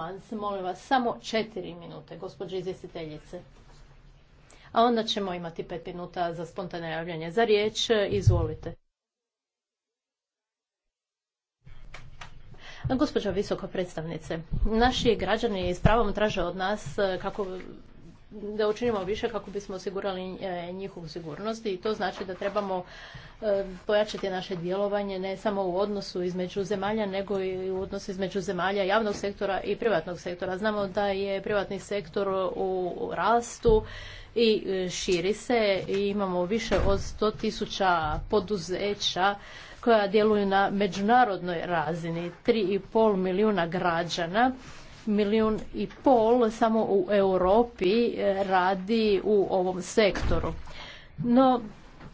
Mans, molim vas samo četiri minute, gospođe izvjestiteljice. A onda ćemo imati pet minuta za spontane javljanje za riječ. E, izvolite. Gospođo visoka predstavnice, naši građani s pravom traže od nas e, kako da učinimo više kako bismo osigurali e, njihovu sigurnost i to znači da trebamo e, pojačati naše djelovanje ne samo u odnosu između zemalja nego i u odnosu između zemalja javnog sektora i privatnog sektora. Znamo da je privatni sektor u rastu i e, širi se i imamo više od sto tisuća poduzeća koja djeluju na međunarodnoj razini, 3,5 milijuna građana milijun i pol samo u Europi eh, radi u ovom sektoru. No,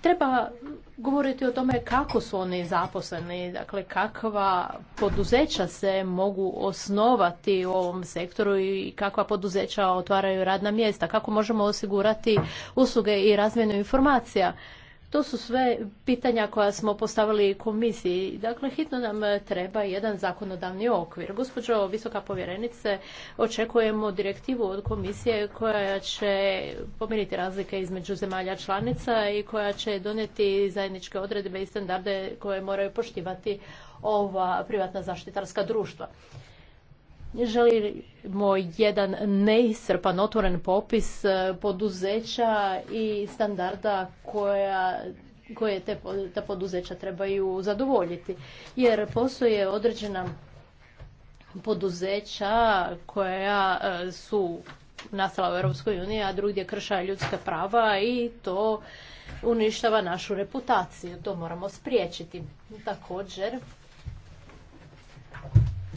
treba govoriti o tome kako su oni zaposleni, dakle kakva poduzeća se mogu osnovati u ovom sektoru i kakva poduzeća otvaraju radna mjesta, kako možemo osigurati usluge i razmjenu informacija. To su sve pitanja koja smo postavili komisiji. Dakle, hitno nam treba jedan zakonodavni okvir. Gospođo visoka povjerenice, očekujemo direktivu od komisije koja će pomiriti razlike između zemalja članica i koja će donijeti zajedničke odredbe i standarde koje moraju poštivati ova privatna zaštitarska društva želimo jedan neisrpan, otvoren popis e, poduzeća i standarda koja koje te, ta poduzeća trebaju zadovoljiti. Jer postoje određena poduzeća koja e, su nastala u EU, a drugdje krša ljudska prava i to uništava našu reputaciju. To moramo spriječiti. Također,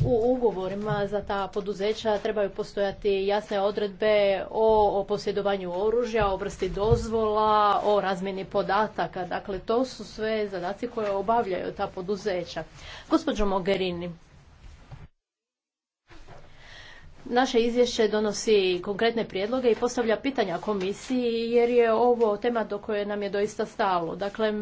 u ugovorima za ta poduzeća trebaju postojati jasne odredbe o, posjedovanju oružja, o vrsti dozvola, o razmjeni podataka. Dakle, to su sve zadaci koje obavljaju ta poduzeća. Gospođo Mogherini, Naše izvješće donosi konkretne prijedloge i postavlja pitanja komisiji jer je ovo tema do koje nam je doista stalo. Dakle,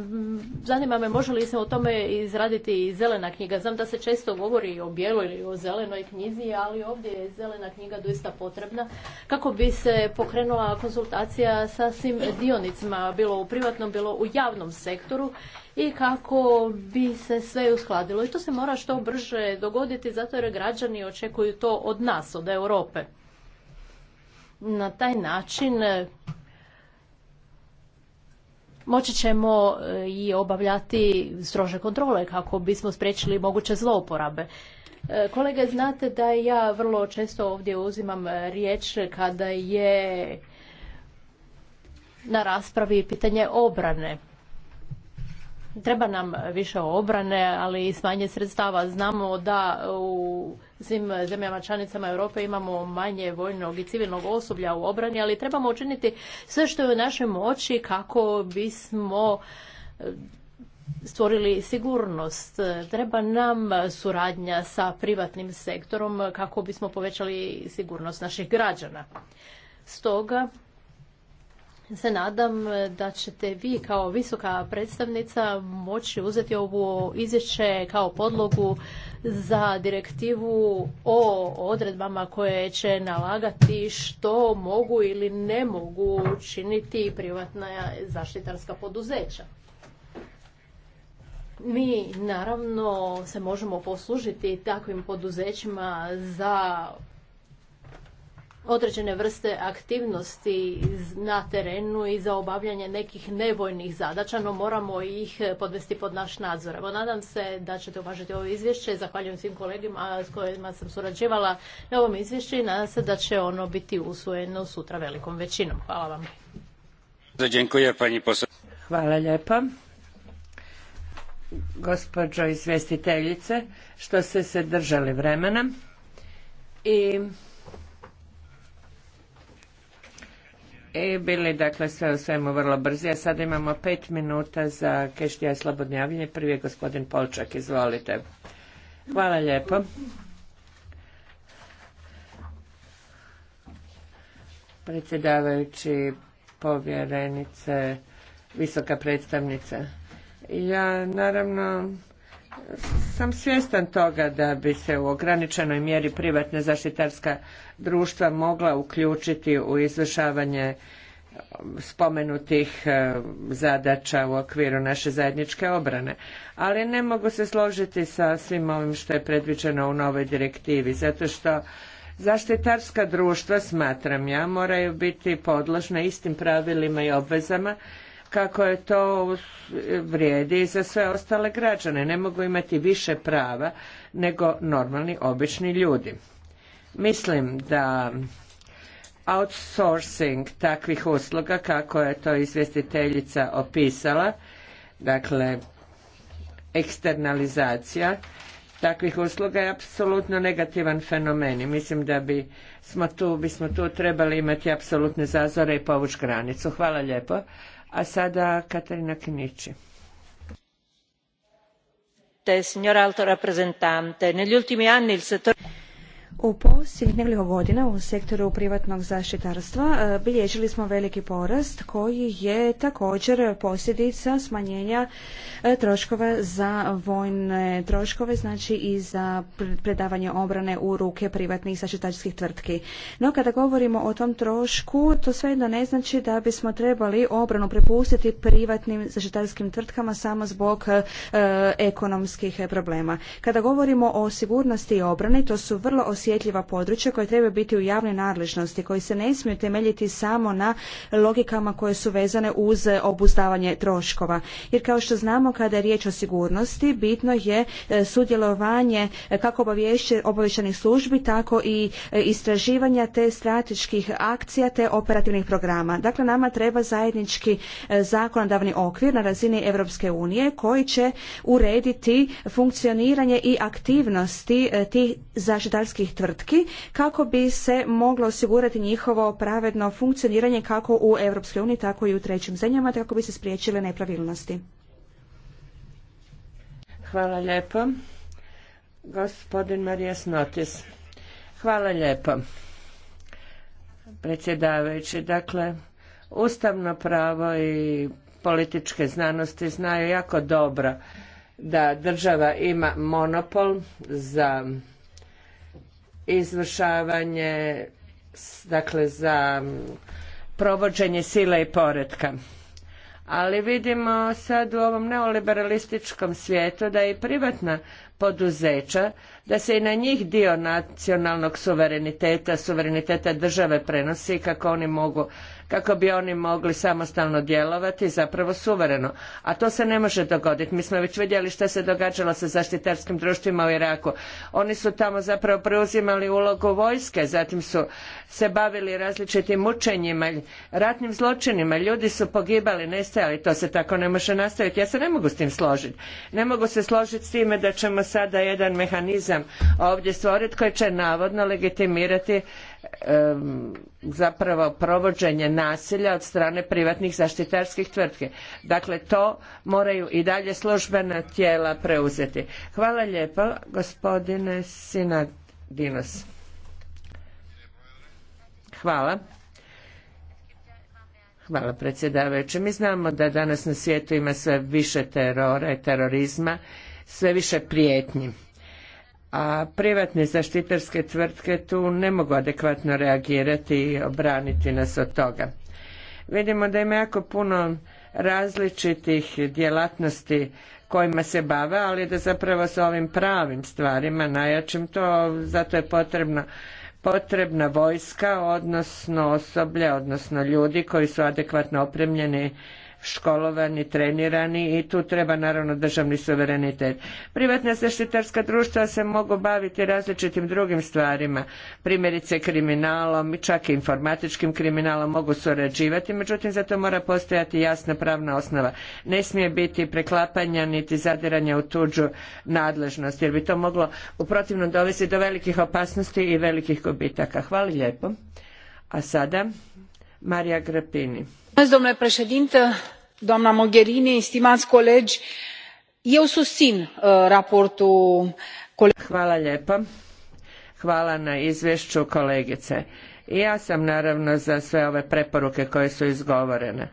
zanima me može li se o tome izraditi i zelena knjiga. Znam da se često govori o bijeloj ili o zelenoj knjizi, ali ovdje je zelena knjiga doista potrebna kako bi se pokrenula konzultacija sa svim dionicima, bilo u privatnom, bilo u javnom sektoru i kako bi se sve uskladilo. I to se mora što brže dogoditi zato jer građani očekuju to od nas, od Europe. Na taj način e, moći ćemo e, i obavljati strože kontrole kako bismo spriječili moguće zlouporabe. E, kolege, znate da ja vrlo često ovdje uzimam riječ kada je na raspravi pitanje obrane. Treba nam više obrane, ali i smanje sredstava. Znamo da u svim zemljama članicama Europe imamo manje vojnog i civilnog osoblja u obrani, ali trebamo učiniti sve što je u našoj moći kako bismo e, stvorili sigurnost. Treba nam suradnja sa privatnim sektorom kako bismo povećali sigurnost naših građana. Stoga se nadam e, da ćete vi kao visoka predstavnica moći uzeti ovo izvješće kao podlogu za direktivu o odredbama koje će nalagati što mogu ili ne mogu činiti privatna zaštitarska poduzeća. Mi naravno se možemo poslužiti takvim poduzećima za određene vrste aktivnosti na terenu i za obavljanje nekih nevojnih zadaća, no moramo ih podvesti pod naš nadzor. Evo, nadam se da ćete uvažiti ovo izvješće. Zahvaljujem svim kolegima s kojima sam surađivala na ovom izvješću i nadam se da će ono biti usvojeno sutra velikom većinom. Hvala vam. Hvala lijepa gospođo izvjestiteljice što ste se držali vremena i bili dakle sve u svemu vrlo brzi. A sada imamo pet minuta za keštija i Prvi je gospodin Polčak, izvolite. Hvala lijepo. Predsjedavajući povjerenice, visoka predstavnica. Ja naravno sam svjestan toga da bi se u ograničenoj mjeri privatna zaštitarska društva mogla uključiti u izvršavanje e, spomenutih e, zadaća u okviru naše zajedničke obrane. Ali ne mogu se složiti sa svim ovim što je predviđeno u novoj direktivi, zato što zaštitarska društva, smatram ja, moraju biti podložna istim pravilima i obvezama kako je to vrijedi za sve ostale građane. Ne mogu imati više prava nego normalni, obični ljudi. Mislim da outsourcing takvih usluga, kako je to izvjestiteljica opisala, dakle eksternalizacija takvih usluga je apsolutno negativan fenomen i mislim da bi smo tu, bismo tu trebali imati apsolutne zazore i povući granicu. Hvala lijepo. A sada Katarina Kinići. Signora alto rappresentante, negli ultimi anni il settore u posljednjih nekoliko godina u sektoru privatnog zaštitarstva e, bilježili smo veliki porast koji je također posljedica smanjenja e, troškova za vojne troškove, znači i za predavanje obrane u ruke privatnih zaštitarskih tvrtki. No kada govorimo o tom trošku, to sve jedno ne znači da bismo trebali obranu prepustiti privatnim zaštitarskim tvrtkama samo zbog e, ekonomskih problema. Kada govorimo o sigurnosti i obrani, to su vrlo osjetljivi osjetljiva područja koja trebaju biti u javnoj nadležnosti, koji se ne smiju temeljiti samo na logikama koje su vezane uz obuzdavanje troškova. Jer kao što znamo kada je riječ o sigurnosti, bitno je e, sudjelovanje e, kako obavještajnih službi, tako i e, istraživanja te strateških akcija te operativnih programa. Dakle, nama treba zajednički zakonodavni okvir na razini Europske unije koji će urediti funkcioniranje i aktivnosti tih zaštitarskih tvrtki kako bi se moglo osigurati njihovo pravedno funkcioniranje kako u Europskoj uniji tako i u trećim zemljama kako bi se spriječile nepravilnosti. Hvala lijepo. Gospodin Marijas Notis. Hvala lijepo. Predsjedavajući, dakle, ustavno pravo i političke znanosti znaju jako dobro da država ima monopol za izvršavanje, dakle za provođenje sile i poretka. Ali vidimo sad u ovom neoliberalističkom svijetu da i privatna poduzeća, da se i na njih dio nacionalnog suvereniteta, suvereniteta države prenosi kako oni mogu kako bi oni mogli samostalno djelovati zapravo suvereno. A to se ne može dogoditi. Mi smo već vidjeli što se događalo sa zaštitarskim društvima u Iraku. Oni su tamo zapravo preuzimali ulogu vojske, zatim su se bavili različitim mučenjima, ratnim zločinima, ljudi su pogibali, nestajali, to se tako ne može nastaviti. Ja se ne mogu s tim složiti. Ne mogu se složiti s time da ćemo sada jedan mehanizam ovdje stvoriti koji će navodno legitimirati zapravo provođenje nasilja od strane privatnih zaštitarskih tvrtki. Dakle, to moraju i dalje službena tijela preuzeti. Hvala lijepo, gospodine Sinadinos. Hvala. Hvala predsjedavajući. Mi znamo da danas na svijetu ima sve više terora i terorizma, sve više prijetnji a privatne zaštitarske tvrtke tu ne mogu adekvatno reagirati i obraniti nas od toga. Vidimo da ima jako puno različitih djelatnosti kojima se bave, ali da zapravo s ovim pravim stvarima najjačim to, zato je potrebna, potrebna vojska, odnosno osoblje, odnosno ljudi koji su adekvatno opremljeni školovani, trenirani i tu treba naravno državni suverenitet. Privatna zaštitarska društva se mogu baviti različitim drugim stvarima, primjerice kriminalom, čak i informatičkim kriminalom mogu surađivati, međutim za to mora postojati jasna pravna osnova. Ne smije biti preklapanja niti zadiranja u tuđu nadležnost, jer bi to moglo u protivnom dovesti do velikih opasnosti i velikih gubitaka. Hvala lijepo. A sada Marija Grapini. Domnule doamnă mogherini stimați colegi eu susțin uh, raportul Hvala lijepo. Hvala na izvješću kolegice. I ja sam naravno za sve ove preporuke koje su izgovorene.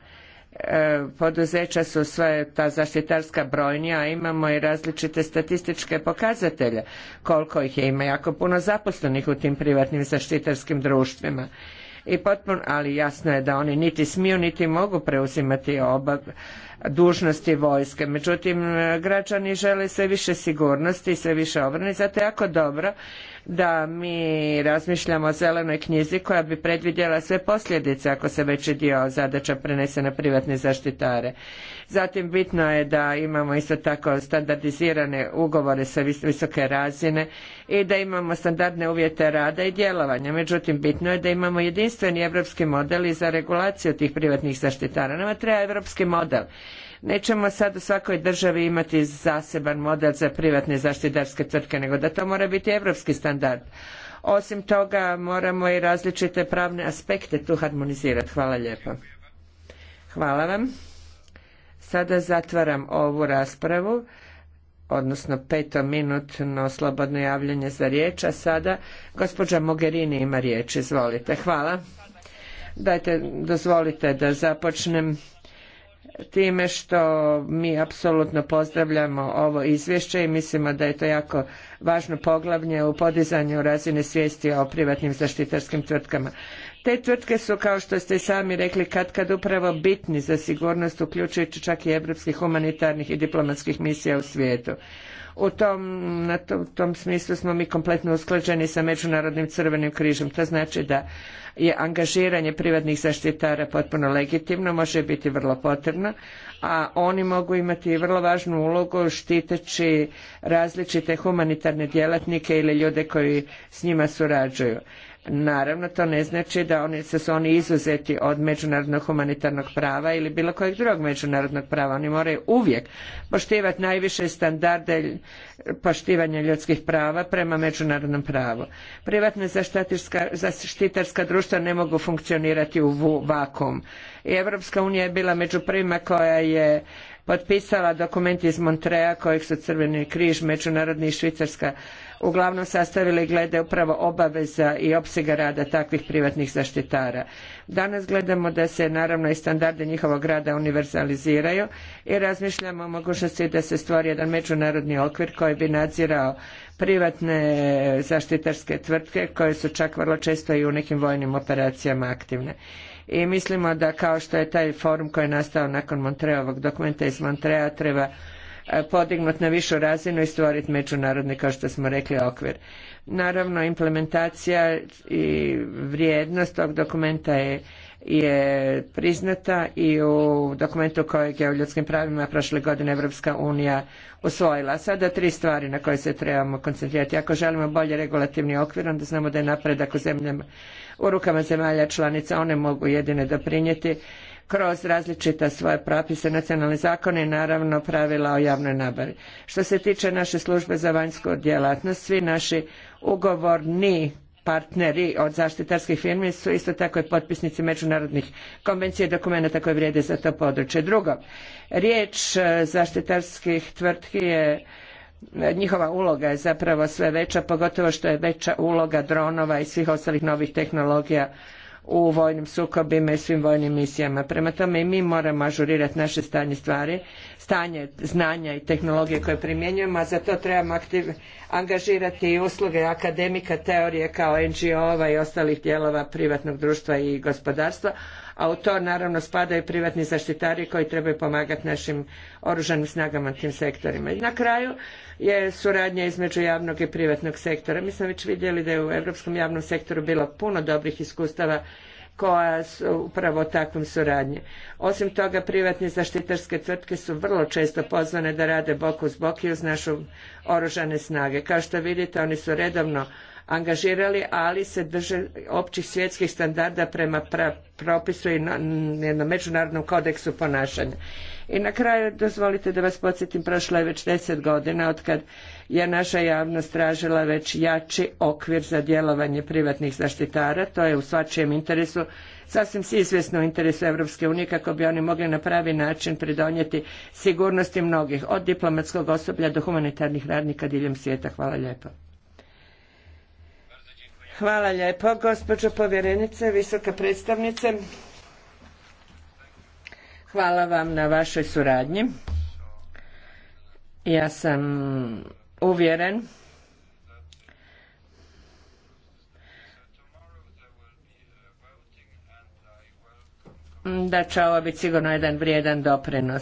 E, poduzeća su sve ta zaštitarska brojnija, a imamo i različite statističke pokazatelje koliko ih je. Ima jako puno zaposlenih u tim privatnim zaštitarskim društvima i potpuno, ali jasno je da oni niti smiju niti mogu preuzimati oba dužnosti vojske. Međutim, e, građani žele sve više sigurnosti i sve više obrane, zato je jako dobro da mi razmišljamo o zelenoj knjizi koja bi predvidjela sve posljedice ako se veći dio zadaća prenese na privatne zaštitare. Zatim bitno je da imamo isto tako standardizirane ugovore sa visoke razine i da imamo standardne uvjete rada i djelovanja. Međutim, bitno je da imamo jedinstveni europski model i za regulaciju tih privatnih zaštitara. Nama treba europski model nećemo sad u svakoj državi imati zaseban model za privatne zaštitarske tvrtke, nego da to mora biti europski standard. Osim toga moramo i različite pravne aspekte tu harmonizirati. Hvala lijepo. Hvala vam. Sada zatvaram ovu raspravu, odnosno petominutno slobodno javljanje za riječ, a sada gospođa Mogherini ima riječ. Izvolite. Hvala. Dajte, dozvolite da započnem time što mi apsolutno pozdravljamo ovo izvješće i mislimo da je to jako važno poglavlje u podizanju razine svijesti o privatnim zaštitarskim tvrtkama. Te tvrtke su, kao što ste sami rekli, kad upravo bitni za sigurnost, uključujući čak i evropskih humanitarnih i diplomatskih misija u svijetu. U tom, na tom smislu smo mi kompletno usklađeni sa Međunarodnim crvenim križom. To znači da je angažiranje privatnih zaštitara potpuno legitimno, može biti vrlo potrebno, a oni mogu imati vrlo važnu ulogu štiteći različite humanitarne djelatnike ili ljude koji s njima surađuju. Naravno, to ne znači da oni, se su oni izuzeti od međunarodnog humanitarnog prava ili bilo kojeg drugog međunarodnog prava. Oni moraju uvijek poštivati najviše standarde poštivanja ljudskih prava prema međunarodnom pravu. Privatna zaštitarska društva ne mogu funkcionirati u vakuum. I Europska unija je bila među prvima koja je potpisala dokument iz Montreja kojeg su Crveni križ, Međunarodni i Švicarska uglavnom sastavili glede upravo obaveza i opsega rada takvih privatnih zaštitara. Danas gledamo da se naravno i standardi njihovog rada univerzaliziraju i razmišljamo o mogućnosti da se stvori jedan međunarodni okvir koji bi nadzirao privatne zaštitarske tvrtke koje su čak vrlo često i u nekim vojnim operacijama aktivne i mislimo da kao što je taj forum koji je nastao nakon Montreovog dokumenta iz Montreja treba E, podignut na višu razinu i stvoriti međunarodni, kao što smo rekli, okvir. Naravno, implementacija i vrijednost tog dokumenta je priznata i u dokumentu kojeg je u ljudskim pravima prošle godine Evropska unija usvojila. Sada tri stvari na koje se trebamo koncentrirati. Ako želimo bolje regulativni okvir, onda znamo da je napredak u zemljama, u rukama zemalja članica, one mogu jedine doprinijeti kroz različita svoje propise, nacionalne zakone i naravno pravila o javnoj nabavi. Što se tiče naše službe za vanjsku djelatnost, svi naši ugovorni partneri od zaštitarskih firmi su isto tako i potpisnici međunarodnih konvencija i dokumenata koje vrijede za to područje. Drugo, riječ e, zaštitarskih tvrtki je e, njihova uloga je zapravo sve veća, pogotovo što je veća uloga dronova i svih ostalih novih tehnologija u vojnim sukobima i svim vojnim misijama. Prema tome i mi moramo ažurirati naše stanje stvari, stanje znanja i tehnologije koje primjenjujemo, a za to trebamo aktiv, angažirati i usluge akademika, teorije kao NGO-ova i ostalih dijelova privatnog društva i gospodarstva, a u to naravno spadaju privatni zaštitari koji trebaju pomagati našim oružanim snagama tim sektorima. I na kraju je suradnja između javnog i privatnog sektora. Mi smo već vidjeli da je u europskom javnom sektoru bilo puno dobrih iskustava koja su upravo takvom suradnji. Osim toga, privatne zaštitarske tvrtke su vrlo često pozvane da rade bok uz bok i uz našu oružane snage. Kao što vidite, oni su redovno angažirali, ali se drže općih svjetskih standarda prema propisu i na, jednom međunarodnom kodeksu ponašanja. I na kraju dozvolite da vas podsjetim, prošlo je već deset godina od kad je naša javnost tražila već jači okvir za djelovanje privatnih zaštitara, to je u svačijem interesu, sasvim si izvjesno u interesu Europske unije kako bi oni mogli na pravi način pridonijeti sigurnosti mnogih, od diplomatskog osoblja do humanitarnih radnika diljem svijeta. Hvala lijepo. Hvala lijepo, gospođo povjerenice, visoka predstavnice. Hvala vam na vašoj suradnji. Ja sam uvjeren da će ovo biti sigurno jedan vrijedan doprinos.